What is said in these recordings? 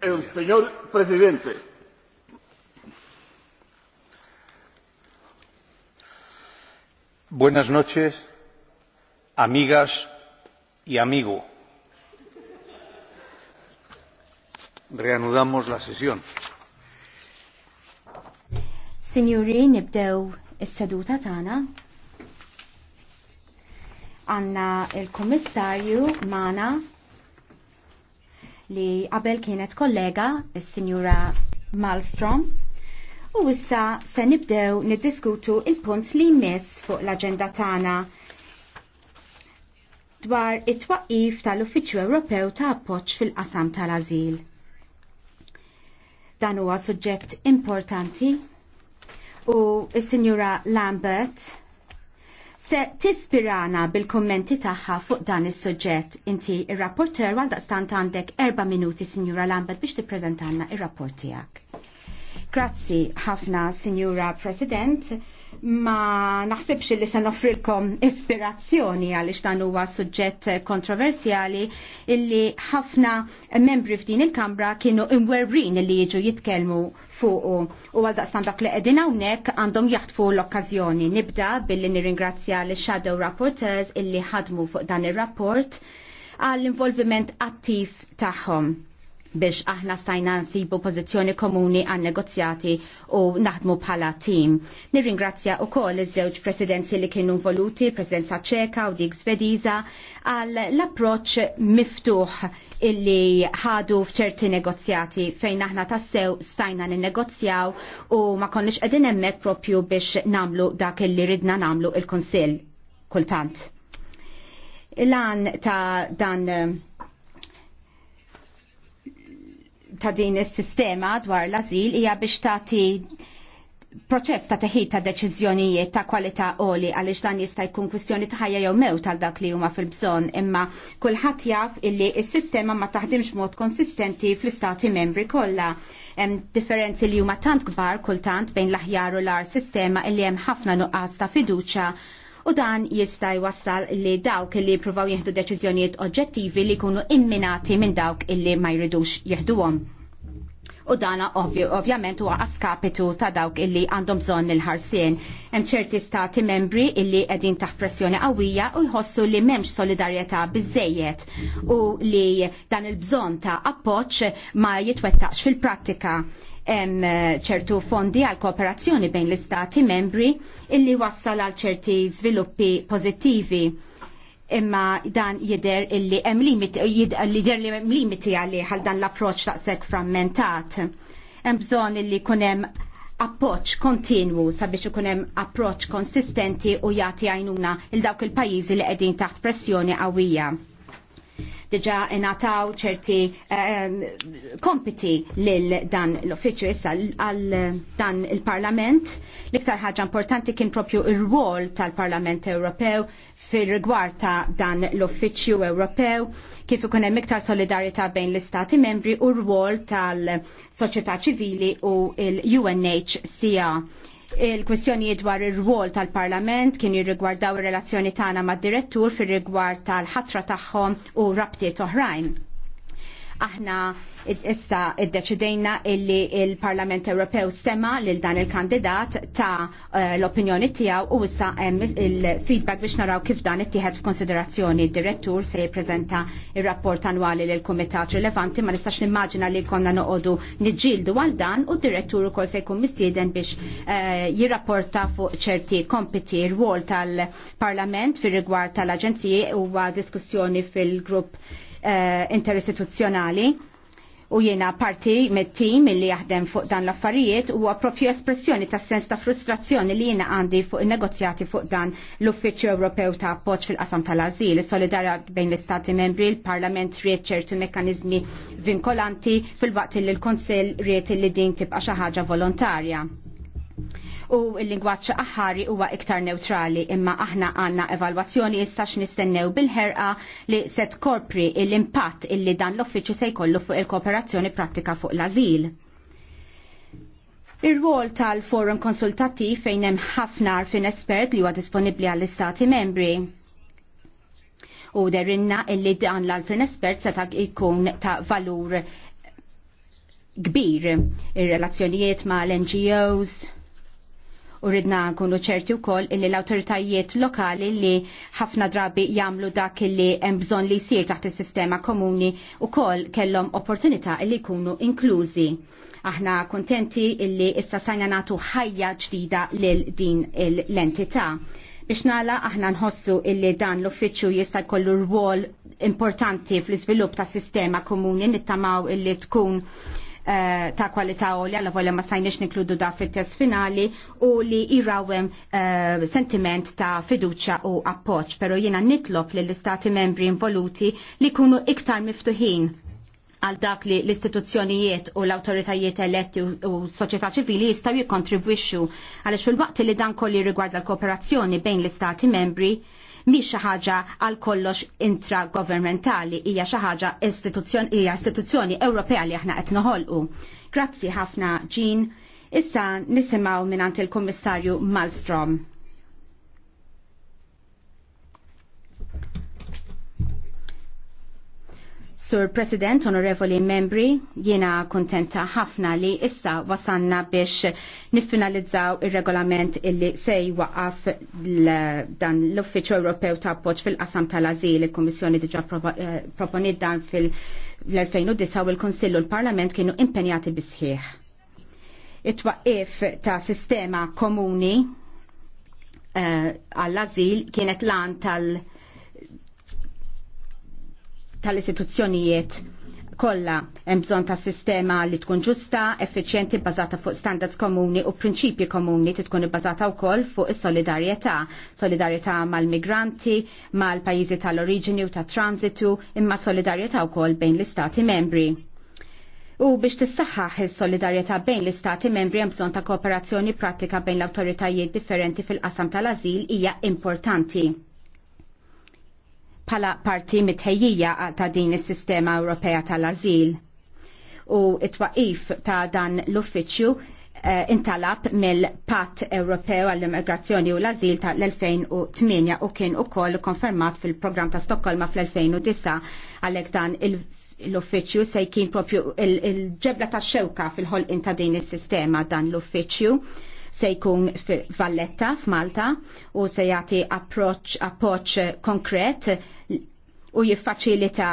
El señor presidente. Buenas noches, amigas y amigo. Reanudamos la sesión. Signori, nibdew is-seduta tagħna. Għandna il-Kummissarju Mana li qabel kienet kollega, il-Sinjura Malmstrom, u issa se nibdew niddiskutu il-punt li jmiss fuq l-agenda tagħna dwar it twaqqif tal-Uffiċċju Ewropew ta' appoġġ fil-qasam tal-Ażil. Dan huwa suġġett importanti u s-Sinjura Lambert se tispirana bil-kommenti tagħha fuq dan is-suġġett. Inti il rapporter għal daqstant għandek erba' minuti, Sinjura Lambert, biex tippreżentanna ir-rapport tiegħek. Grazzi ħafna, Signora President ma naħsibx li se noffrilkom ispirazzjoni għaliex dan huwa suġġett kontroversjali illi ħafna membri f'din il-Kamra kienu imwerrin li jiġu jitkellmu fuq. u għal daqstan dak li qegħdin hawnhekk għandhom jaħtfu l-okkażjoni. Nibda billi nirringrazzja l shadow Rapporteurs illi ħadmu fuq dan ir-rapport għall-involviment attiv tagħhom biex aħna stajna nsibu pożizzjoni komuni għan negozjati u naħdmu bħala tim. Nirringrazzja u koll iż-żewġ presidenzi li kienu voluti, presidenza ċeka u dik svediza, għal l-approċ miftuħ illi ħadu fċerti negozjati fejn aħna tassew stajna n-negozjaw u ma konniex edin emmek propju biex namlu dak illi ridna namlu il-Konsil kultant. Lan ta' dan ta' din is-sistema dwar l-azil hija biex tagħti proċess ta' teħid ta' deċiżjonijiet ta' kwalità għoli għaliex dan jista' jkun kwistjoni ta' ħajja jew mew tal dak li huma fil-bżonn imma kulħadd jaf illi s-sistema ma taħdimx mod konsistenti fl-istati membri kollha. Hemm differenzi li huma tant kbar kultant bejn l-aħjar u l-ar sistema illi hemm ħafna nuqqas ta' fiduċja u dan jista' jwassal li dawk li jippruvaw jieħdu deċiżjonijiet oġġettivi li jkunu imminati minn dawk illi ma jridux jieħduhom u dana ovvjament huwa askapitu ta' dawk illi għandhom bżonn il-ħarsien. Hemm ċerti stati membri illi qegħdin taħt pressjoni qawwija u jħossu li m'hemmx solidarjetà biżejjed u li dan il-bżonn ta' appoġġ ma jitwettaqx fil-prattika hemm eh, ċertu fondi għal kooperazzjoni bejn l-istati membri illi wassal għal ċerti żviluppi pożittivi imma dan jider illi hemm limit jider li hemm limiti għalli għal dan l-approċċ taqseg frammentat. Hemm bżonn illi jkun hemm appoġġ kontinwu sabiex ikun hemm approċċ konsistenti u jagħti għajnuna il dawk il-pajjiżi li qegħdin taħt pressjoni qawwija diġa inataw ċerti ehm, kompiti lil dan l-uffiċċju issa għal dan il-Parlament. L-iktar ħaġa importanti kien propju il rwol tal-Parlament Ewropew fil-rigward ta' dan l-Uffiċċju Ewropew kif ikun hemm iktar solidarjetà bejn l-Istati membri u r-rwol tal-soċjetà ċivili u l-UNHCR Il-kwistjonijiet dwar ir-rwol tal-Parlament kien jirrigwardaw ir-relazzjoni tagħna mad-direttur fir-rigward tal-ħatra tagħhom u rabtiet oħrajn. Aħna issa iddeċidejna illi il-Parlament Ewropew sema lil dan il-kandidat ta' eh, l-opinjoni tiegħu u issa hemm il-feedback biex naraw kif dan ittieħed f'konsiderazzjoni d-direttur se jippreżenta ir-rapport annwali lil kumitat rilevanti ma nistax nimmaġina li konna noqogħdu niġġieldu għal dan u d-direttur ukoll se jkun mistieden biex eh, jirrapporta fuq ċerti kompiti rwol tal-Parlament fir rigward tal-Aġenziji huwa diskussjoni fil-grupp Eh, interistituzzjonali u jiena parti mit tim li jaħdem fuq dan l-affarijiet u għapropju espressjoni ta' sens ta' frustrazzjoni li jiena għandi fuq negozjati fuq dan l-Uffiċċju Ewropew ta' appoġġ fil-qasam tal-azil, solidarja bejn l-Istati membri, l-Parlament riet ċertu mekkanizmi vinkolanti fil-waqt li l-Konsil riet li din tibqa' xi ħaġa volontarja u l lingwaċ aħħari huwa iktar neutrali imma aħna għanna evalwazzjoni issa x'nistennew bil-ħerqa li se tkopri l-impatt illi dan l-uffiċċju se jkollu fuq il-kooperazzjoni prattika fuq l-azil. Ir-rwol tal-forum konsultattiv fejn hemm ħafna arfin espert li huwa disponibbli għall-istati membri u derinna illi dan l arfin espert se ikun ta' valur kbir ir-relazzjonijiet ma' l-NGOs, u ridna nkunu ċerti wkoll illi l-awtoritajiet lokali li ħafna drabi jagħmlu dak illi hemm bżonn li jsir taħt is-sistema komuni wkoll kellhom opportunità li jkunu inklużi. Aħna kontenti illi issa sajna nagħtu ħajja ġdida lil din l-entità biex nala aħna nħossu illi dan l-uffiċċju jista' jkollu rwol importanti fl-iżvilupp ta' sistema komuni nittamaw illi tkun Eh, ta' kwalità għolja għalla volja ma sajniex nikludu da' fil-test finali u li jirawem eh, sentiment ta' fiduċa u appoċ, pero jina nitlob li l-istati membri involuti li kunu iktar miftuħin għal dak li l-istituzzjonijiet u l-autoritajiet eletti u soċjetà ċivili jistgħu jikkontribwixxu għaliex fil-waqt li dan kolli rigward l-kooperazzjoni bejn l-istati membri mi xi ħaġa għal kollox intragovernmentali hija xi ħaġa istituzzjoni Ewropea li aħna qed noħolqu. Grazzi ħafna Jean. Issa nisimgħu minant il-Kummissarju Malmstrom. Sur President, onorevoli membri, jiena kontenta ħafna li issa wasanna biex niffinalizzaw il-regolament illi sej waqaf dan l-Uffiċċju Ewropew ta' appoġġ fil-qasam tal-azil, il kummissjoni diġa eh, proponid dan fil-2009 u l konsillu u l-Parlament kienu impenjati bisħieħ. It-twaqif ta' sistema komuni eh, għall-azil kienet lan tal- tal-istituzzjonijiet kollha hemm bżonn ta' sistema li tkun ġusta, effiċjenti bbażata fuq standards komuni u prinċipji komuni li tkun ibbażata wkoll fuq is-solidarjetà, solidarjetà mal-migranti, mal-pajjiżi tal-oriġini u tat-transitu, imma solidarjetà wkoll bejn l-istati membri. U biex tissaħħaħ is-solidarjetà bejn l-istati membri hemm bżonn ta' kooperazzjoni prattika bejn l-awtoritajiet differenti fil-qasam tal-ażil hija importanti bħala parti mitħejjija ta' din is-sistema Ewropea tal-Azil. U it-twaqif ta' dan l-uffiċju uh, eh, intalab mill-Pat Ewropew għall-Immigrazzjoni u l-Azil tal-2008 u kien ukoll konfermat fil-programm ta' Stokkolma fl-2009 għalhekk dan il- l-uffiċju se jkun propju il-ġebla il ta' xewka fil ħol ta' din is-sistema dan l-uffiċju se jkun f'Valletta f'Malta u se jagħti approċċ konkret u jiffaċilita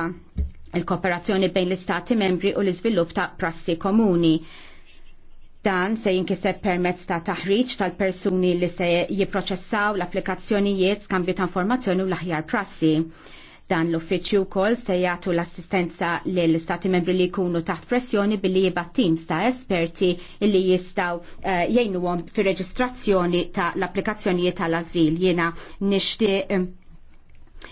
il-kooperazzjoni bejn l-istati membri u l-iżvilupp ta' prassi komuni. Dan se jinkiseb permezz ta' taħriġ tal-persuni li se jipproċessaw l-applikazzjonijiet skambju ta' informazzjoni u l-aħjar prassi. Dan l-uffiċju kol se jgħatu l-assistenza li l-istati membri li jkunu taħt pressjoni billi jibat teams ta' esperti li jistaw uh, eh, jgħinu għom fi reġistrazzjoni ta' l-applikazzjonijiet tal-azil. Jena nishti um, uh,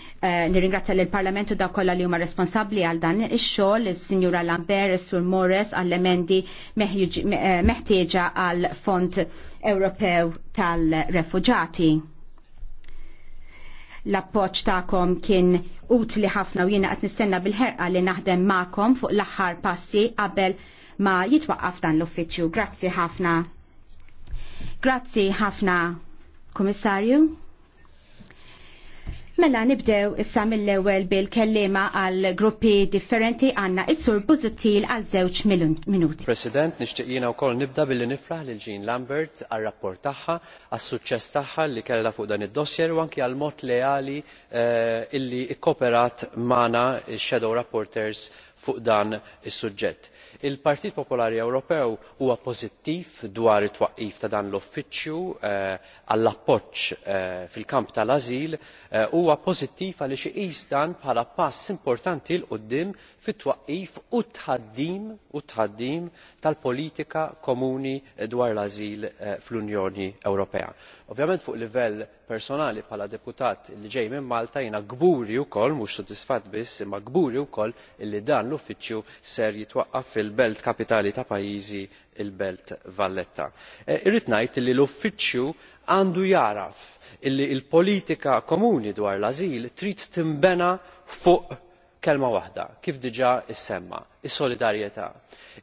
eh, eh, Nirringrazzja l parlamentu da kollha li huma responsabbli għal dan ix-xogħol is-Sinjura Lambert, is-Sur Morris għall-emendi meħtieġa għal Fond Ewropew tal-Refuġati. L-appoċ ta'kom kien utli ħafna u jiena qed nistenna bil-ħerqa li naħdem ma'kom fuq l-aħħar passi qabel ma jitwaqqaf dan l-uffiċċju. Grazzi ħafna. Grazzi ħafna, Komissarju. Mela nibdew issa mill-ewwel bil-kellima għal gruppi differenti għandna is-sur Bużuttil għal żewġ minuti. President, nixtieq jiena wkoll nibda billi nifraħ lil Jean Lambert għar-rapport tagħha, għas-suċċess tagħha li kellha fuq dan id-dossier u anki għal mod leali eh, illi ikkoperat magħna x-shadow rapporters fuq dan is-suġġett. Il partit popolari ewropew huwa pożittiv dwar it-twaqqif ta' dan l-uffiċċju eh, għall appoġġ eh, fil-kamp tal-ażil Eh, huwa pożittiv għaliex iqis dan bħala pass importanti l quddiem fit-twaqqif u t tħaddim tal politika komuni dwar l-ażil eh, fl-unjoni ewropea. ovvjament fuq livell personali bħala deputat li ġej minn malta jiena gburi wkoll mhux sodisfatt biss imma gburi wkoll li dan l-uffiċċju ser jitwaqqaf fil-belt kapitali ta' pajjiżi il-belt valletta. Eh, irrid ngħid li l-uffiċċju għandu jaraf li l politika komuni dwar l-ażil trid tinbena fuq kelma waħda kif diġà issemma is-solidarjetà.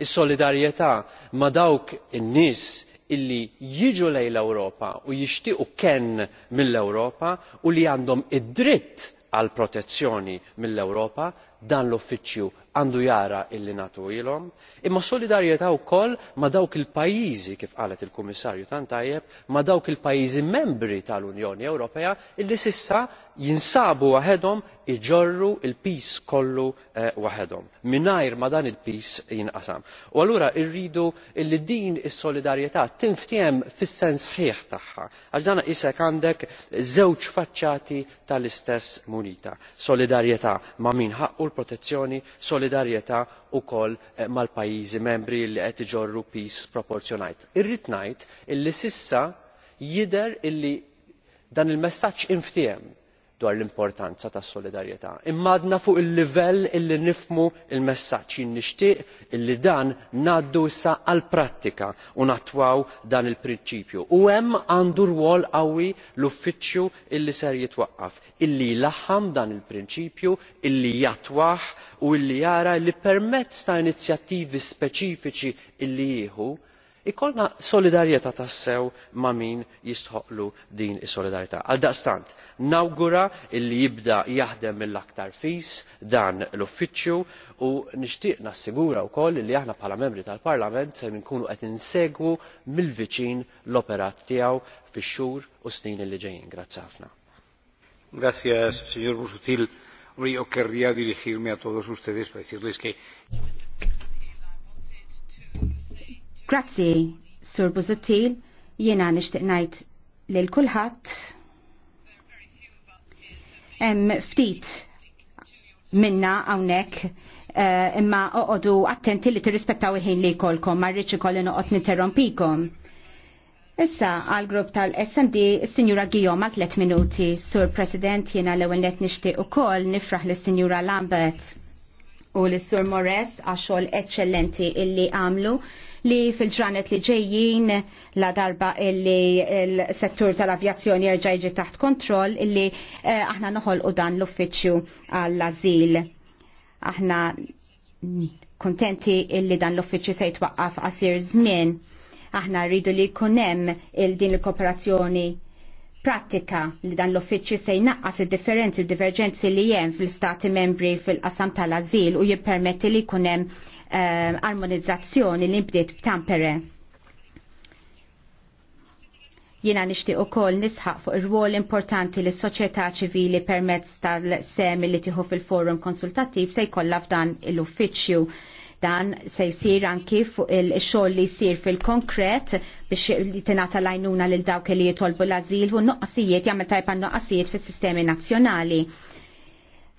is-solidarjetà ma' dawk in-nies illi jiġu lejn l-Ewropa u jixtiequ kenn mill-Ewropa u li għandhom id-dritt għal protezzjoni mill-Ewropa dan l-uffiċċju għandu jara illi natu ilhom imma solidarjetà wkoll ma' dawk il-pajjiżi kif qalet il-kummissarju tant tajjeb ma' dawk il-pajjiżi membri tal-unjoni ewropea illi s'issa jinsabu waħedhom iġorru l peace kollu eh, waħedhom mingħajr ma dan il peace jinqasam. U allura rridu li din is-solidarjetà tinftiem fis-sens sħiħ tagħha għax dan isek għandek żewġ faċċati tal-istess munita solidarjetà ma' min ħaqqu protezzjoni solidarjetà wkoll eh, mal pajjiżi membri li qed iġorru piż sproporzjonat. irrid ngħid illi s'issa jidher illi dan il messaġġ inftiem dwar l-importanza tas-solidarjetà imma għadna fuq il-livell illi nifhmu l-messaġġ jien nixtieq illi dan ngħaddu issa għall prattika u nattwaw dan il-prinċipju u hemm għandu rwol qawwi l-uffiċċju illi ser jitwaqqaf illi jlaħħam dan il-prinċipju illi jattwah u illi jara li permezz ta' inizjattivi speċifiċi illi jieħu ikollna solidarjetà tassew ma' min jistħoqlu din is-solidarjetà. Għaldaqstant, nawgura li jibda jaħdem mill-aktar fis dan l-uffiċċju u nixtieq nassigura wkoll li aħna bħala membri tal-Parlament se nkunu qed insegwu mill-viċin l-operat tiegħu fix-xhur u snin li ġejjin. Grazzi ħafna. Grazie. Busutil. querría dirigirme a todos ustedes para decirles que Grazzi, Sur Buzuttil, jiena nixtieq ngħid lil kulħadd. Hemm ftit minna hawnhekk eh, imma oqogħdu attenti li tirrispettaw il-ħin li jkollkom ma rridx ikolli noqgħod niterrompikom. Issa, għal grupp tal-SND, s-Sinjura Gijom għal 3 minuti, Sur President, jena l ewwel nishtiq u kol nifraħ l-Sinjura Lambert u l-Sur Mores għaxol eccellenti illi għamlu li fil-ġranet li ġejjin la darba illi il settur tal-avjazzjoni jerġa' jiġi taħt kontroll illi eh, aħna noħolqu dan l-uffiċċju għall-azil. Aħna kontenti illi dan l-uffiċċju se jitwaqqaf għasir żmien. Aħna rridu li jkun hemm il-din il-kooperazzjoni pratika li dan l-uffiċċju se jnaqqas id-differenzi u divergenzi li hemm fl istati membri fil-qasam tal-azil u jippermetti li jkun hemm eh, armonizzazzjoni li bdiet b'Tampere. Jiena nixtieq ukoll nisħaq fuq ir-rwol importanti li s-soċjetà ċivili permezz tal-semi li tieħu fil-forum konsultattiv se jkollha f'dan l-uffiċċju. Dan se jsir anki fuq il-xogħol li jsir fil-konkret biex li tingħata lajnuna lil dawk li jitolbu l-ażil u n-noqqasijiet jagħmel tajba noqqasijiet fis-sistemi nazzjonali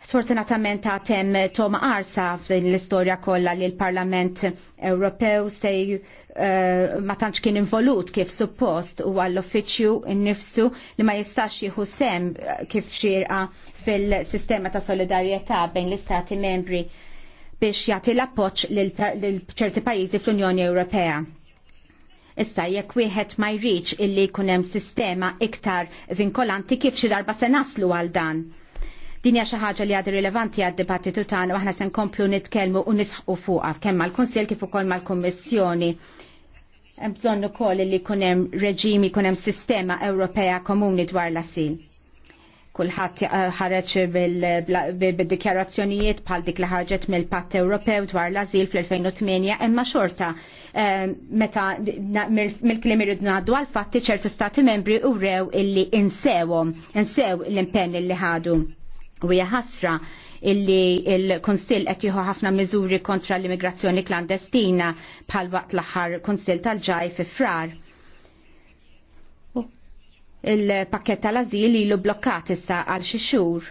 Sfortunatament tem Tom Arsa l istoria kollha li l-Parlament Ewropew sej eh, ma tantx kien involut kif suppost u għall-uffiċju nnifsu li ma jistax jieħu sem eh, kif xirqa fil-sistema ta' solidarjetà bejn l-istati membri biex jagħti l-appoġġ lil ċerti pajjiżi fl-Unjoni Ewropea. Issa jekk wieħed ma jridx illi jkun hemm sistema iktar vinkolanti kif xi darba se naslu għal dan Din hija xi ħaġa li għadu rilevanti għad-dibattitu tagħna u aħna se nkomplu nitkellmu u nisħqu fuqha kemm mal-Kunsill kif ukoll mal-Kummissjoni. Hemm bżonn ukoll li jkun hemm reġimi, jkun hemm sistema Ewropea komuni dwar l-asil. Kulħadd eh, ħareġ bid-dikjarazzjonijiet bħal dik li ħarġet mill-Patt Ewropew dwar l azil fl-2008 imma xorta eh, meta mill-klim irridu ngħaddu għal fatti ċertu stati membri urew illi insewhom, insew l-impenn li ħadu U hija ħasra illi il-Konsil qed jieħu ħafna miżuri kontra l-immigrazzjoni klandestina bħal waqt l-aħħar Konsil tal-ġaj fi frar. Il-pakket tal-azil ilu blokkat issa għal xi xhur.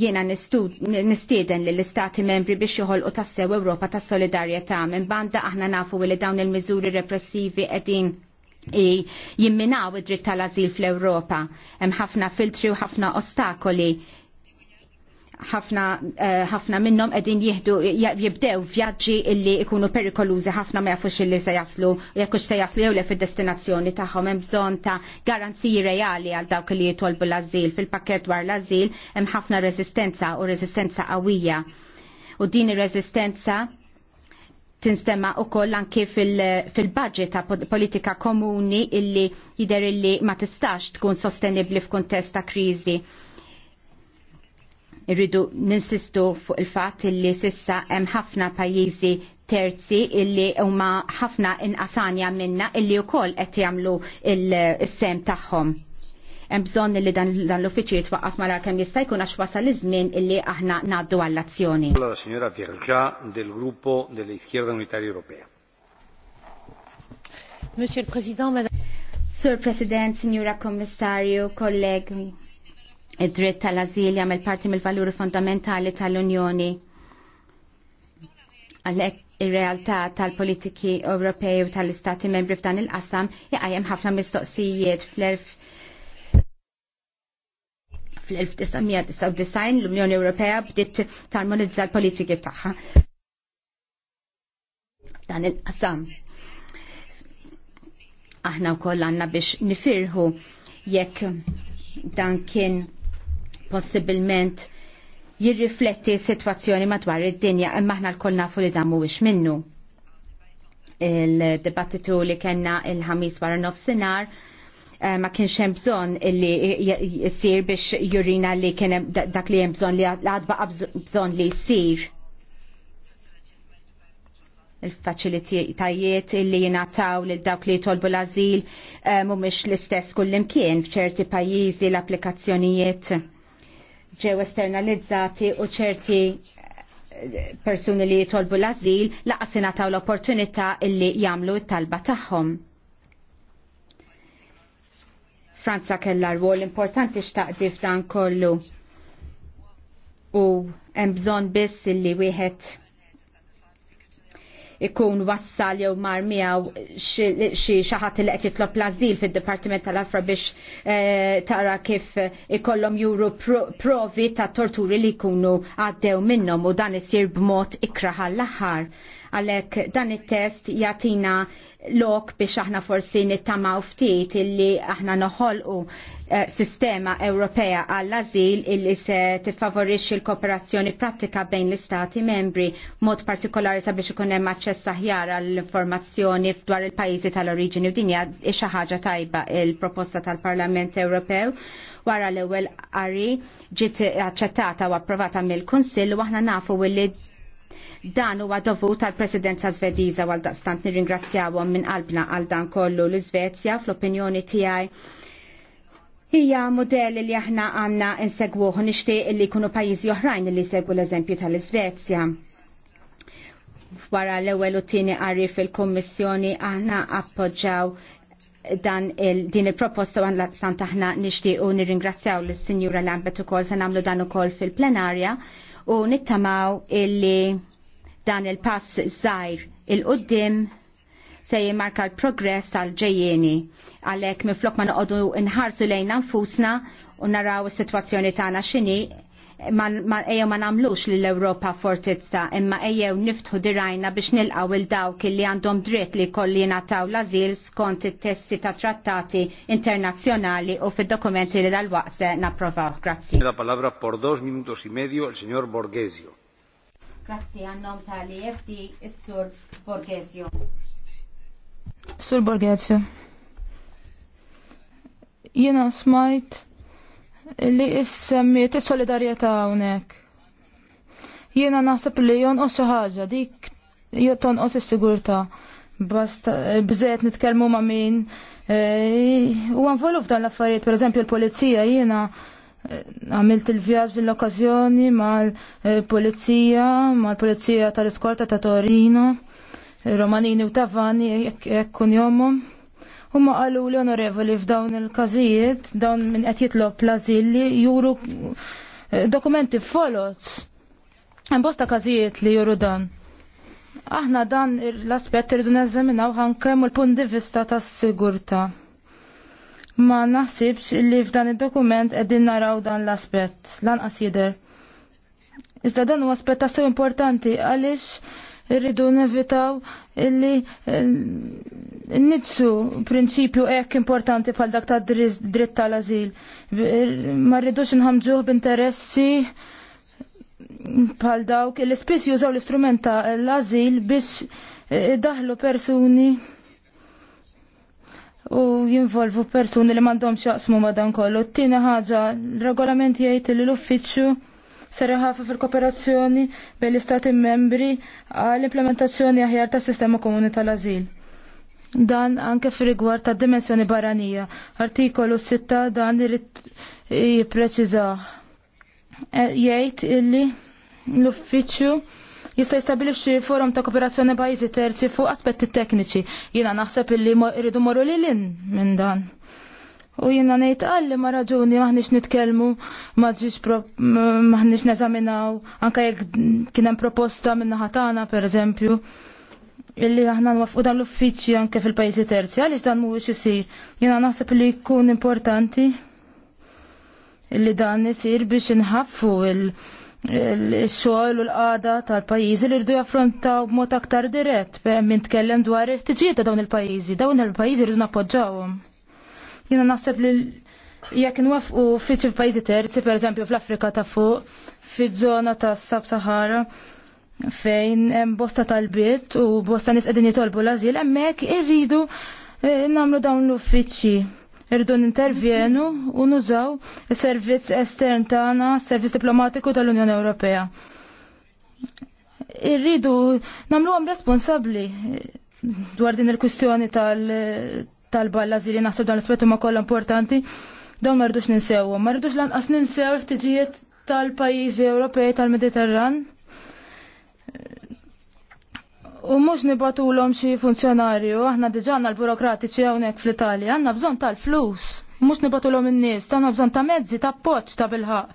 jiena nistieden li l-istati membri biex joħolqu tassew Ewropa tas-Solidarjetà minn banda aħna nafu li dawn il-miżuri repressivi qegħdin jimminaw id-dritt tal-azil fl-Europa. Hemm ħafna filtri u ħafna ostakoli ħafna uh, minnhom qegħdin jieħdu jibdew vjaġġi illi jkunu perikolużi ħafna ma jafux illi se jaslu jekk se jaslu jew le fid-destinazzjoni tagħhom hemm bżonn ta' garanziji reali għal dawk li jitolbu l-ażil fil-pakket dwar l-ażil hemm ħafna resistenza u resistenza qawwija. U din ir-resistenza tinstemma u koll anki fil-budget ta' politika komuni illi jider illi ma tistax tkun sostenibli f'kuntest ta' krizi. Irridu ninsistu fuq il-fat illi sissa hemm ħafna pajjiżi terzi illi huma ħafna inqasanja minna illi wkoll qed jagħmlu il-sem tagħhom Hemm bżonn li dan, dan l-uffiċċju jitwaqqaf malar kemm jista' jkun għax wasal iż-żmien illi aħna ngħaddu għall-azzjoni. Allora signora Piergia del gruppo Izquierda Unitaria Europea. Monsieur le Président, Madame Sur President, Signora Kommissarju, kollegi, id-dritt tal-azil jagħmel parti mill-valuri fondamentali tal-Unjoni. Għalhekk ir-realtà tal-politiki Ewropej u tal-Istati membri f'dan il-qasam jaqajem ħafna mistoqsijiet fl-erf Fl-1999 l-Unjoni Ewropea bdiet tarmonizza l-politiki tagħha. Dan il-qasam. Aħna wkoll għandna biex nifirħu jekk dan kien possibilment jirrifletti s-sitwazzjoni madwar id-dinja imma aħna l-koll nafu li dan mhuwiex minnu. Il-dibattitu li kellna il-ħamis wara nofsinhar Eh, ma kienx hemm bżonn illi jsir biex jurina li kien hemm dak li hemm bżonn li għadba bżonn li jsir. Il-faċilitajiet illi jingħataw lil dawk li jitolbu l-azil eh, mhumiex l-istess kullimkien f'ċerti pajjiżi l-applikazzjonijiet ġew esternalizzati u ċerti eh, persuni li jitolbu l-azil laqas ingħataw l-opportunità illi jagħmlu t-talba tagħhom. Franza kellha rwol importanti x'taqdif dan kollu. U hemm bżonn biss illi wieħed ikun wassal jew mar miegħu xi ħadd li qed jitlob l-azil fid-Dipartiment tal-Afra biex eh, tara kif ikollhom juru provi ta' torturi li jkunu għaddew minnhom u dan isir b'mod ikraħal l-aħħar. Għalhekk dan it-test jagħtina lok biex aħna forsi nittamaw ftit illi aħna noħolqu eh, sistema Ewropea għall-azil illi se tiffavorixxi l-kooperazzjoni prattika bejn l-istati membri mod partikolari sabiex ikun hemm aċċess aħjar għall-informazzjoni dwar il-pajjiżi tal-oriġini u dinja xi ħaġa tajba il-proposta tal-Parlament Ewropew wara l-ewwel qari ġiet aċċettata u approvata mill-Kunsill u aħna nafu li Dan huwa dovut tal presidenza Svediża għal daqstant nirringrazzjawhom minn qalbna għal dan kollu l-Iżvezja fl-opinjoni tiegħi Hija model li aħna għanna insegwuħ nixtieq li jkunu pajjiżi oħrajn li segwu l-eżempju tal-Iżvezja wara l-ewwel u tieni qari fil-Kummissjoni aħna appoġġaw dan il, din il-proposta għan l-azzan taħna nishtiqu nirringrazzjaw l-Sinjura Lambert u kol, san namlu dan u kol fil-plenarja u nittamaw illi Dan il-pass żgħir il-qoddim se jimmarka l-progress għal ġejjeni. Għalek minflok ma noqogħdu nħarsu lejna nfusna u naraw is-sitwazzjoni tagħna x'inhi ma ejjew ma nagħmlux lill ewropa fortizza imma ejjew niftħu dirajna biex nilqaw il dawk li għandhom dritt li kolli nataw l-azil skont it-testi ta' trattati internazzjonali u fid-dokumenti li dal-waqse napprovaw. Grazzi. La palabra por dos minutos y medio el señor Borghesio. Grazzi għannom tali efd is-Sur Borgesio. Sur Borgesio. Jena smajt li issemmiet is-solidarjetà hawnhekk. Jiena naħseb li jonqos xi ħaġa dik tonqos is-sigurtà. Basta bżet nitkellmu ma' min. Eh, huwa e, involut dan l-affarijiet, pereżempju l-pulizija jiena għamilt il vjaż fil-okkazjoni mal-polizija, mal-polizija tal-iskorta ta' Torino, Romanini u Tavani, jekk kun jomum. Huma qalu li onorevoli f'dawn il-każijiet, dawn minn qed jitlob l-azilli juru eh, dokumenti folots. Hemm bosta każijiet li juru dan. Aħna dan l-aspett rridu neżaminaw ħankem il-punt di vista tas-sigurta ma naħsibx li f'dan id-dokument qegħdin naraw dan l-aspett lanqas jidher. Iżda dan huwa aspett tassew importanti għaliex irridu nevitaw illi eh, nitsu prinċipju hekk importanti bħal dak ta' dritt tal-azil. Ma rridux nħamġuh b'interessi bħal dawk illi spiss jużaw l-istrument ta' l-azil biex eh, daħlu persuni u jinvolvu persuni li mandom xaqsmu madan kollu. Tina ħaġa, regolament jajt li l-uffiċċju ħafu fil-kooperazzjoni bejn l-istati membri għall-implementazzjoni aħjar ta' sistema komuni tal-azil. Dan anke fil-rigward ta' dimensjoni barranija. Artikolu 6 dan irrit jipreċizaħ. E, jgħid illi l-uffiċċju jista' jistabilixxi forum ta' kooperazzjoni pajjiżi terzi fuq aspetti tekniċi. Jiena naħseb illi rridu morru lilin minn dan. U jiena ngħid għalli ah, ma raġuni maħniex nitkellmu ma maħniex neżaminaw anke jekk kien hemm proposta minn naħa tagħna pereżempju illi aħna nwafqu dan l-uffiċċji anke fil-pajjiżi terzi għaliex dan mhuwiex isir. Jiena naħseb li jkun importanti illi dan isir biex inħaffu il- il-xogħol u l-qada tal-pajjiżi li rridu jaffrontaw b'mod aktar dirett minn tkellem dwar il-ħtiġijiet ta' dawn il-pajjiżi, dawn il-pajjiżi rridu nappoġġawhom. Jiena naħseb li jekk nwafqu fiċi f'pajjiżi terzi, pereżempju fl-Afrika ta' fuq, fiż-żona ta' Sab-Sahara, fejn hemm bosta tal-bit u bosta nies qegħdin jitolbu l-ażil, hemmhekk irridu eh, nagħmlu dawn l-uffiċċji Rridu nintervjenu u nużaw is-servizz estern tagħna, servizz diplomatiku tal-Unjoni Ewropea. Irridu nagħmluhom responsabbli dwar din il-kwistjoni tal-balla tal naħseb dan l-aspetti ma kollha importanti, dawn ma rridux ninsewhom, ma rridux lanqas ninsew ħtiġijiet tal-pajjiżi Ewropej tal-Mediterran. tal pajjiżi ewropej tal mediterran U mux nibatu l-om xie funzjonarju, aħna diġanna l-burokratiċi għonek fl-Italja, għanna bżon tal-flus, mux nibatu l-om n-nis, tanna bżon ta' mezzi, ta' poċ, ta' bilħaq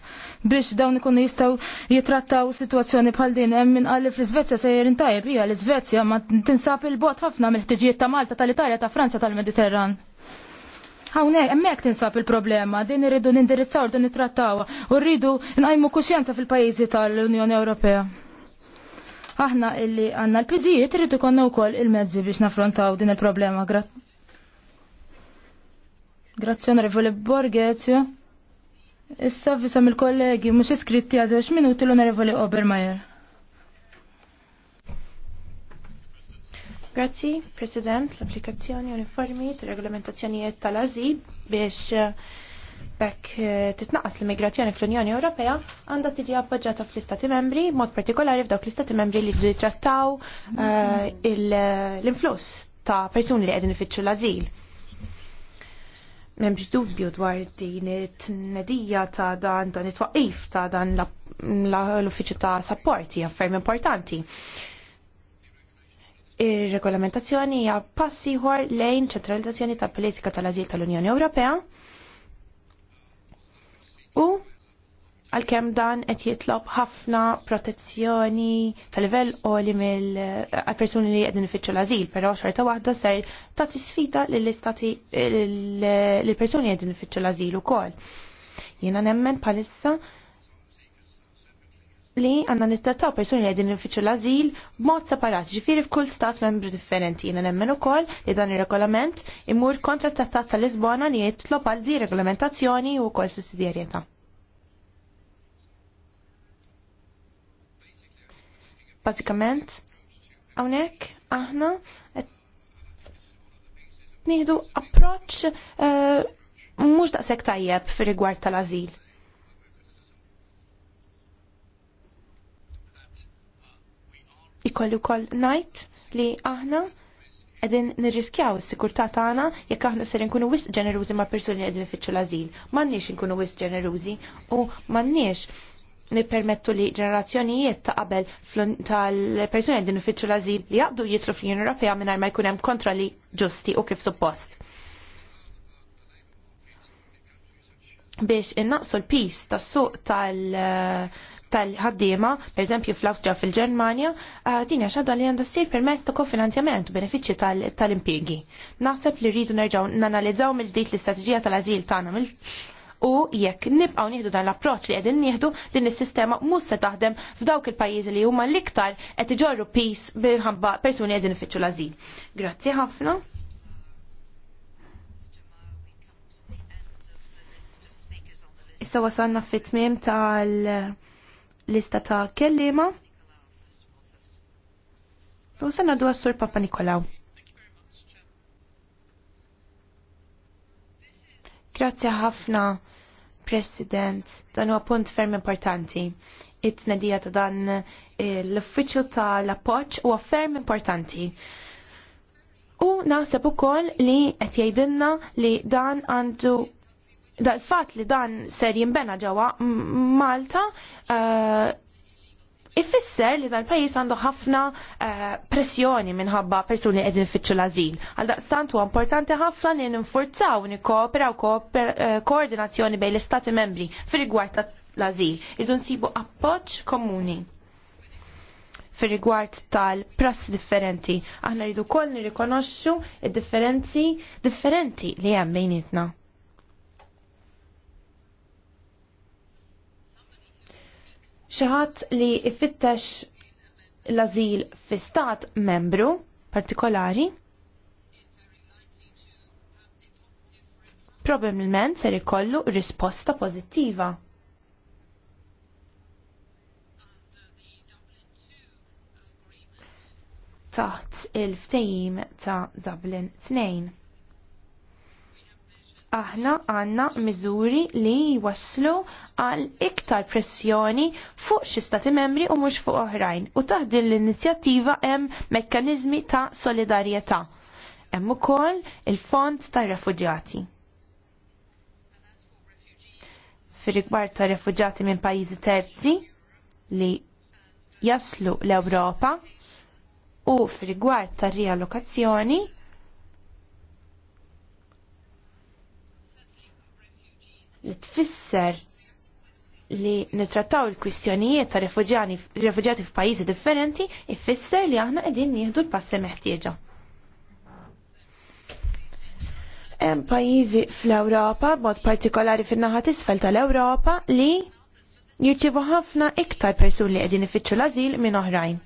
biex dawn ikun jistaw jitrattaw situazzjoni bħal din hemm min fl svezja se jirin tajjeb hija l-Iżvezja ma tinsab il-bot ħafna mill-ħtiġijiet ta' Malta, tal-Italja, ta' Franza, tal-Mediterran. Hawnhekk hemmhekk tinsab il-problema, din irridu nindirizzaw, din nittrattawha u rridu nqajmu kuxjenza fil-pajjiżi tal-Unjoni Ewropea aħna illi għanna l rritu konna ikonna wkoll il-mezzi biex nafrontaw din il-problema. Grazzi Onorevole Borghezio. Issa fissam il-kollegi mhux iskritti għal żewġ minuti l-onorevoli Obermeyer. Grazzi, President, l-applikazzjoni uniformi, regolamentazzjonijiet tal-azib biex bekk eh, titnaqqas l-immigrazzjoni fl-Unjoni Ewropea għandha tiġi appoġġjata fl-Istati Membri, mod partikolari f'dawk l-Istati Membri li jibdu jitrattaw eh, l-influss ta' persuni li qegħdin ifittxu l-ażil. M'hemmx dubju dwar din it-tnedija ta' dan dan it-twaqif ta' dan l-uffiċċju ta' supporti affermi importanti. Ir-regolamentazzjoni hija pass ieħor lejn ċentralizzazzjoni tal-politika tal-Ażil tal-Unjoni Ewropea u għalkemm dan qed jitlob ħafna protezzjoni tal-livell qoli mill għal persuni li qegħdin ifittxu l azil però xorta waħda ser tagħti sfida l istati lill-persuni qegħdin fitxu l u ukoll. Jiena nemmen palissa li għanna nittataw persuni li għedin nfittxu l-azil b'mod separat, ġifiri f'kull stat membru differenti. Jina nemmen ukoll li dan ir-regolament imur kontra t-tattat tal-Lisbona li jitlob għal di regolamentazzjoni u wkoll sussidjarjetà. Basikament, hawnhekk aħna nieħdu approċċ eh, mhux daqshekk tajjeb fir-rigward tal-azil ikollu ukoll najt li aħna għedin nirriskjaw s-sikurta tagħna jekk aħna ser nkunu wisq ġenerużi ma' persuni li qegħdin ifittxu l-ażil. M'għandniex inkunu wisq ġenerużi u m'għandniex nippermettu li ġenerazzjonijiet ta' qabel tal-persuni qegħdin ifittxu l-ażil li jaqbdu jitlu fl-Unjoni Ewropea mingħajr ma jkun hemm kontrolli ġusti u kif suppost. biex innaqsu l-pis tas-suq tal- tal-ħaddiema, per eżempju fl austria fil-Ġermanja, eh, din hija xadda li għandha ssir permezz ta' kofinanzjament u benefiċċji tal-impjiegi. Naħseb li rridu nerġgħu nanalizzaw mill ġdijt l-istrateġija tal-ażil tagħna mill u jekk nibqgħu nieħdu dan l-approċċ li qegħdin nieħdu din is-sistema mhux se taħdem f'dawk il-pajjiżi li huma l-iktar qed iġorru pis minħabba persuni qegħdin ifittxu l azil Grazzi ħafna. Issa wasalna fit-tmiem tal- lista ta' kellima. U sena du għassur Papa Nikolaw. Grazie ħafna, President, dan huwa punt ferm importanti. It-tnedija ta' dan eh, l-uffiċċju ta' l-appoġġ huwa ferm importanti. U naħseb ukoll li qed jgħidilna li dan għandu dal-fat li dan ser jimbena ġewwa Malta eh, ifisser li dal-pajis għandu ħafna eh, pressjoni minħabba persuni qegħdin fitxu l-azil. Għal daqstant huwa importanti ħafna li ninfurzaw nikkooperaw eh, koordinazzjoni bejn l-Istati membri fir-rigward tal-azil. Irdu nsibu appoġġ komuni fir-rigward tal-prassi differenti. Aħna rridu koll nirrikonoxxu id-differenzi differenti li hemm bejnietna. xaħat li ifittex l-azil fi stat membru partikolari probabilment ser ikollu risposta pozittiva. Taħt il-ftejim ta' Dublin 2 aħna għanna miżuri li jwasslu għal iktar pressjoni fuq xi stati membri u mhux fuq oħrajn u taħt din l-inizjattiva hemm mekkaniżmi ta' solidarjetà. Hemm ukoll il-Fond tar-Refuġjati. Fir-rigward ta' refuġjati minn pajjiżi terzi li jaslu l-Ewropa u fir-rigward tar-riallokazzjoni li tfisser li nitrattaw il-kwistjonijiet ta' rifugjati f'pajjiżi differenti ifisser li aħna qegħdin nieħdu l-passi meħtieġa. Hemm pajjiżi fl-Ewropa, b'mod partikolari fin-naħa t'isfel tal-Ewropa li jirċievu ħafna iktar persuni li qegħdin ifittxu l-ażil minn oħrajn.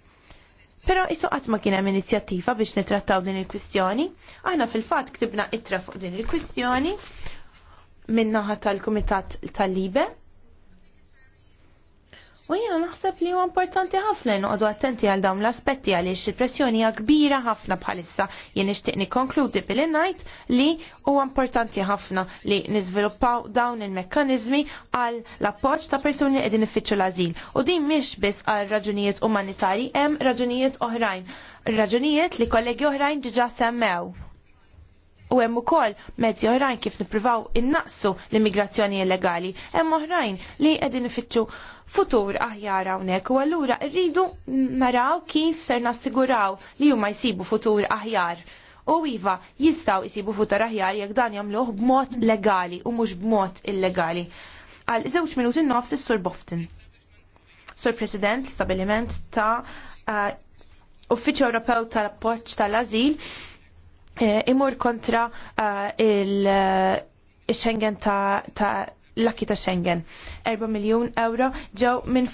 Però isu qatt ma kien hemm inizjattiva biex nitrattaw din il-kwistjoni. Aħna fil-fatt ktibna ittra fuq din il-kwistjoni Min-naħa tal-Kumitat tal-Libe. U jena naħseb li huwa importanti ħafna noqogħdu attenti għal dawn l-aspetti għaliex il-pressjoni hija kbira ħafna bħalissa. Jien nixtieq nikkonkludi billi ngħid li huwa importanti ħafna li niżviluppaw dawn il-mekkaniżmi għal l-appoġġ ta' persuni qegħdin ifittxu l-ażil. U din mhix biss għal raġunijiet umanitarji hemm raġunijiet oħrajn. Raġunijiet li kollegi oħrajn diġà semmew. U hemm ukoll mezzi oħrajn kif nippruvaw innaqsu l-immigrazzjoni illegali, hemm oħrajn li qegħdin ifittxu futur aħjar hawnhekk u allura rridu naraw kif ser nassiguraw li huma jsibu futur aħjar. U iva jistgħu jsibu futur aħjar jekk dan jagħmluh b'mod legali u mhux b'mod illegali. Għal żewġ minuti nofs is-Sur Boftin. Sur President, l-stabiliment ta' uh, Uffiċċju Ewropew tal-Appoġġ tal-Ażil Eh, imur kontra eh, il-Schengen eh, ta' l-akki ta' Schengen. 4 miljon euro ġew minn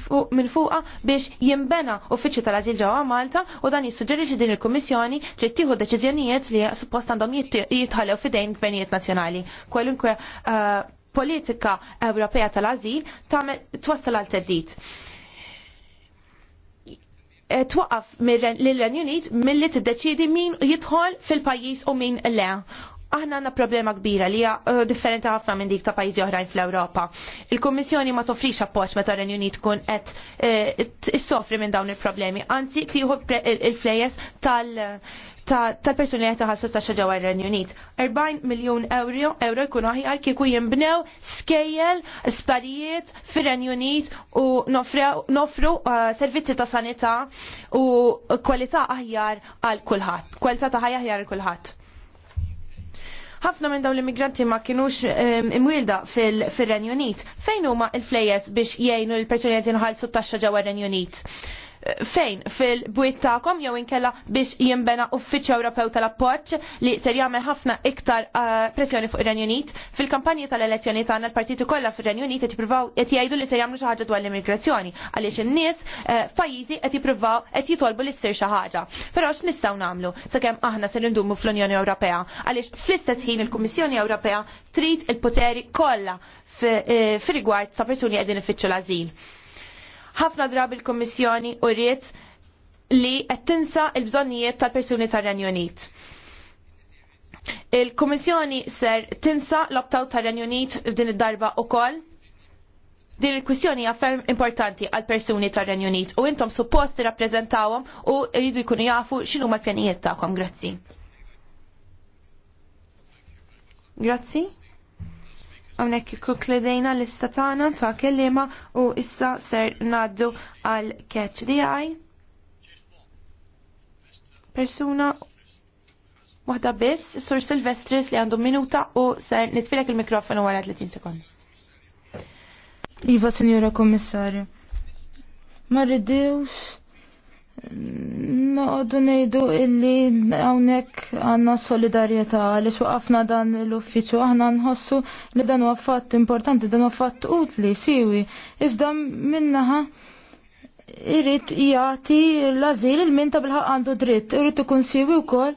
fuqa biex jimbena uffiċċju tal-azil ġewwa Malta u dan jissuġġerixxi din il-Kummissjoni li tieħu deċiżjonijiet li suppost għandhom jitħallew fidejn gvernijiet nazzjonali. Kwalunkwe politika Ewropea tal-azil tagħmel twassal għal teddit. Eh, Twaqaf lill-Renju Unit milli tiddeċiedi min jidħol fil-pajjiż u min le aħna għanna problema kbira li hija eh, differenti ħafna minn dik ta' pajjiżi oħrajn fl-Ewropa. Il-Kummissjoni ma tofrix appoġġ meta Renju Unit tkun qed eh, issofri minn dawn il-problemi, anzi tieħu il-flejes tal- tal-persuni li taħassu ta' xaġawa r Unit. 40 miljon euro euro jkunu aħjar kieku jimbnew skejjel, sptarijiet fir Unit u nofru uh, servizzi ta' sanità u kwalità aħjar għal kulħadd, kwalità ta' ħajja aħjar għal kulħadd. Ħafna minn dawn l-immigranti ma kienux um, imwielda fil-Renju Unit. Fejn huma l-flejes biex jgħinu l-persuni li tinħallsu t-taxxa ġewwa r fejn fil-bwiet tagħkom jew inkella biex jinbena uffiċċju Ewropew tal-appoġġ li ser jagħmel ħafna iktar uh, pressjoni fuq ir-Renju Unit. Fil-kampanji tal-elezzjoni tagħna l-partiti kollha fir-Renju Unit qed jippruvaw qed jgħidu li ser jagħmlu xi ħaġa dwar l-immigrazzjoni għaliex in-nies f'pajjiżi uh, qed jippruvaw qed jitolbu li ssir xi ħaġa. Però x'nistgħu nagħmlu sakemm aħna ser indumu fl-Unjoni Ewropea għaliex fl-istess ħin il-Kummissjoni Ewropea trid il-poteri kollha fi uh, rigward sa' persuni qegħdin ifittxu l-ażil ħafna drabi l-Kommissjoni u rrit li qed tinsa l-bżonnijiet tal-persuni tar-Renju Unit. Il-Kummissjoni ser tinsa l-optaw tar-Renju Unit f'din id-darba ukoll. Din il-kwistjoni hija ferm importanti għal persuni tar-Renju Unit u intom suppost tirrappreżentawhom u jridu jkunu jafu x'inhu l-pjanijiet tagħkom. Grazzi. Grazzi. Għonek kukludejna l-istatana ta' kellima u issa ser naddu għal catch di għaj. Persuna Waħda biss, Sur Silvestris li għandu minuta u ser nitfilek il-mikrofonu għara 30 sekund. Iva, Senjora Kommissarju. Ma Noqdu nejdu illi għawnek għanna solidarieta li waqafna dan l-uffiċu aħna nħossu li dan huwa fatt importanti, dan huwa fatt utli, siwi. Iżda minnaħa irrit jati l-azil il minta ta' għandu dritt, irrit ikun siwi wkoll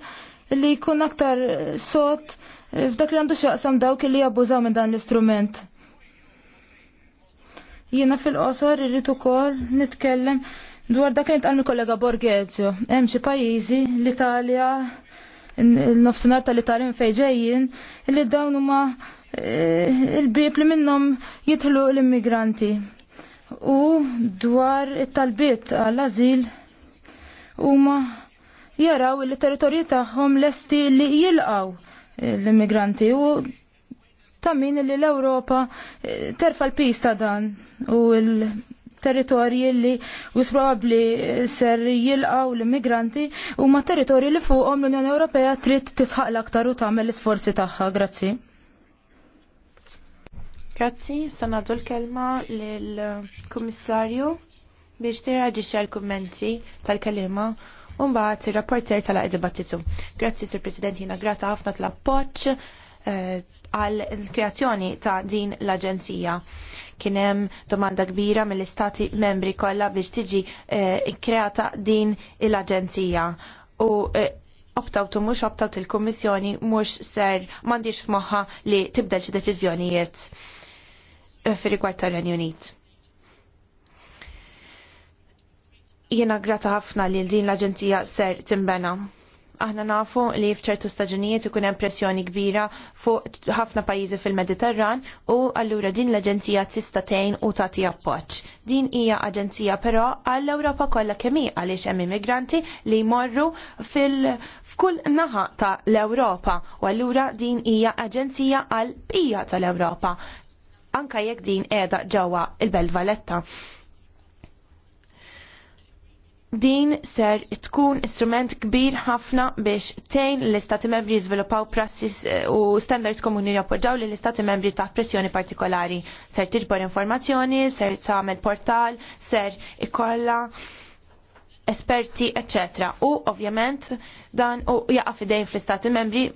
li kun aktar sot f'dak li għandu xaqsam dawk li jabbużaw minn dan l-istrument. Jiena fil-qosor irrit ukoll nitkellem Dwar dak li għal kollega Borghezio, hemm xi pajjiżi l-Italja l-nofsinhar tal-Italja fejn ġejjin li dawn huma eh, il-bib li minnhom jidħlu l-immigranti. U dwar it-talbiet għall-ażil huma jaraw li territorji tagħhom lesti li jilqaw eh, l-immigranti u ta' min li l-Ewropa eh, terfa l-pista dan u l territorji li wis ser jilqaw l-immigranti huma territorji li fuqhom l-Unjoni Ewropea trid tisħaq l-aktar u tagħmel l-isforzi tagħha. Grazzi. Grazzi, sanadu l-kelma lill-Kummissarju biex tirraġixxi l-kummenti tal-kelima u mbagħad ir-rapporter tal-dibattitu. Grazzi, Sur President, jiena grata ħafna tal-appoġġ eh, għal kreazzjoni ta' din l-Aġenzija. Kien hemm domanda kbira mill-Istati membri kollha biex tiġi eh, kreata din l-Aġenzija. U eh, optaw tu u mhux opt il-Kummissjoni mhux ser m'għandix f'moħħa li tibdel xi deċiżjonijiet eh, fir-rigward tar Unit. Jiena grata ħafna li din l-Aġenzija ser timbena aħna nafu li fċertu staġunijiet ikun hemm pressjoni kbira fuq ħafna pajjiżi fil-Mediterran u allura din l-Aġenzija tista' tgħin u tagħti appoġġ. Din hija aġenzija però għall-Ewropa kollha kemm hija għaliex hemm immigranti li jmorru fil f'kull naħa ta' l-Ewropa u allura din hija aġenzija għall bija tal-Ewropa anka jekk din qiegħda ġewwa il-Belt Valletta din ser tkun instrument kbir ħafna biex tejn l-istati membri jizvilupaw prassis eh, u standards komuni li appoġġaw li l-istati membri taħt pressjoni partikolari. Ser tiġbor informazzjoni, ser tagħmel portal, ser ikolla esperti, etc. U ovvjament dan u jaqa' fidejn fl-istati membri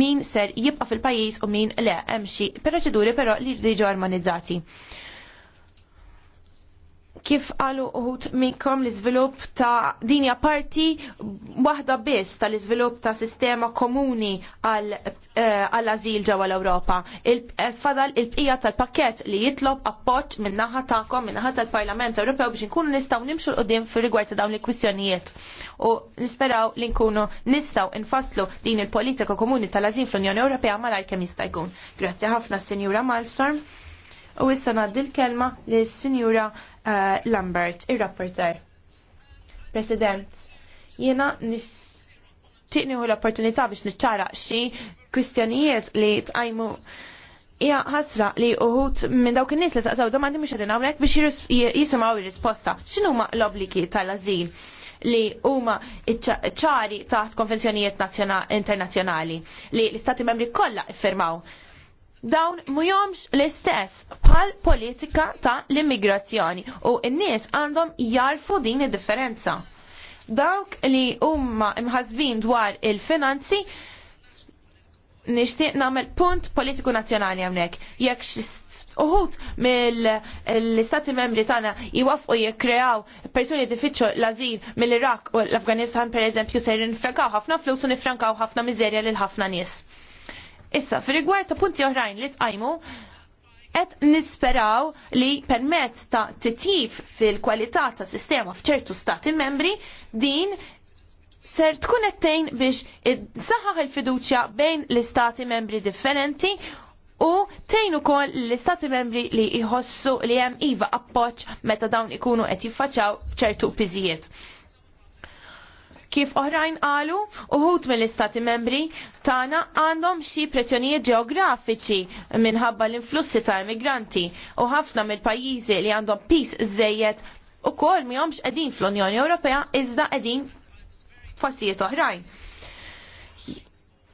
min ser jibqa' fil-pajjiż u min le hemm xi proċeduri però li jridu armonizzati kif qalu uħut mikom l-izvilup ta' dinja parti waħda biss tal-izvilup ta' sistema komuni għal-azil eh, ġewwa l-Ewropa. Eh, fadal il-bqija tal-pakket li jitlob appoġġ min-naħa tagħkom, min-naħa tal-Parlament Ewropew biex nkunu nistgħu nimxu l-qudiem fil rigward ta' dawn il-kwistjonijiet. U nisperaw li nkunu nistgħu nfasslu din il-politika komuni tal-azil fl-Unjoni Ewropea malajr kemm jista' jkun. Grazzi ħafna, Sinjura Malstorm. U issa ngħaddi l-kelma lis-Sinjura uh, Lambert, ir-rapporter. President, jiena tiqniħu l-opportunità biex niċċara xi kwistjonijiet li tqajmu hija ħasra li uħut minn dawk in-nies li saqsaw domandi mhux qegħdin hawnhekk biex jisimgħu ir-risposta. X'inhuma l-obbligi tal-ażil li huma ċari taħt konvenzjonijiet internazzjonali li l-istati membri kollha iffirmaw dawn mujomx l-istess bħal politika ta' l-immigrazzjoni u n-nies għandhom jarfu din id-differenza. Dawk li huma imħazbin dwar il-finanzi nixtieq nagħmel punt politiku nazzjonali hawnhekk. Jekk uħut mill-istati membri tagħna jwafqu jikkreaw persuni tifittxu l-azil mill-Iraq u l-Afganistan pereżempju ser nifrankaw ħafna flus u nifrankaw ħafna miżerja lil ħafna nies Issa, fi rigward ta' punti oħrajn li tqajmu, et nisperaw li permezz ta' titjib fil-kwalità ta' sistema f'ċertu stati membri din ser tkun ettejn biex saħħaħ il-fiduċja bejn l-istati membri differenti u tejn ukoll l-istati membri li jħossu li hemm iva appoġġ meta dawn ikunu qed jiffaċċaw ċertu piżijiet. Kif oħrajn qalu, uħut mill-istati membri tagħna għandhom xi pressjonijiet ġeografiċi minħabba l-influssi ta' immigranti u ħafna mill-pajjiżi li għandhom pis żejjed ukoll mihomx qegħdin fl-Unjoni Ewropea iżda qegħdin f'postijiet oħrajn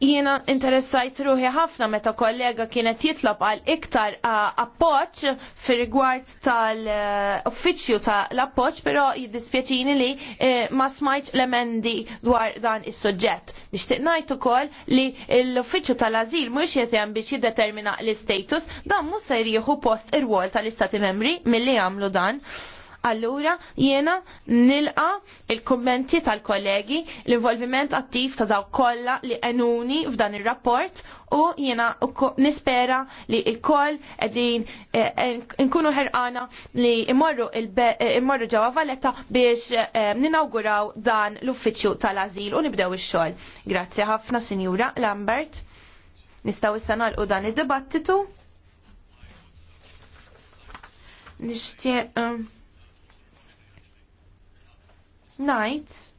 jiena interessajt ruħi ħafna meta kollega kienet jitlob għal iktar appoċ fir rigward tal-uffiċju tal-appoċ, pero jiddispjaċini li e, ma smajċ l-emendi dwar dan is suġġett Nishtiq najt ukoll li l-uffiċju tal-azil mhux jetem biex jiddetermina l-istatus, dan mhux se jieħu post ir wol tal-istati membri milli jagħmlu dan allura jiena nilqa il-kummenti tal-kollegi, l-involviment attiv ta' daw kollha li enuni f'dan ir-rapport u jiena nispera li il-koll edin eh, nkunu ħerqana li imorru eh, ġewwa Valletta biex eh, ninawguraw dan l-uffiċċju tal-azil u nibdew ix-xogħol. Grazzi ħafna Sinjura Lambert. Nistgħu issa nagħlqu dan id-dibattitu nishtiq Night.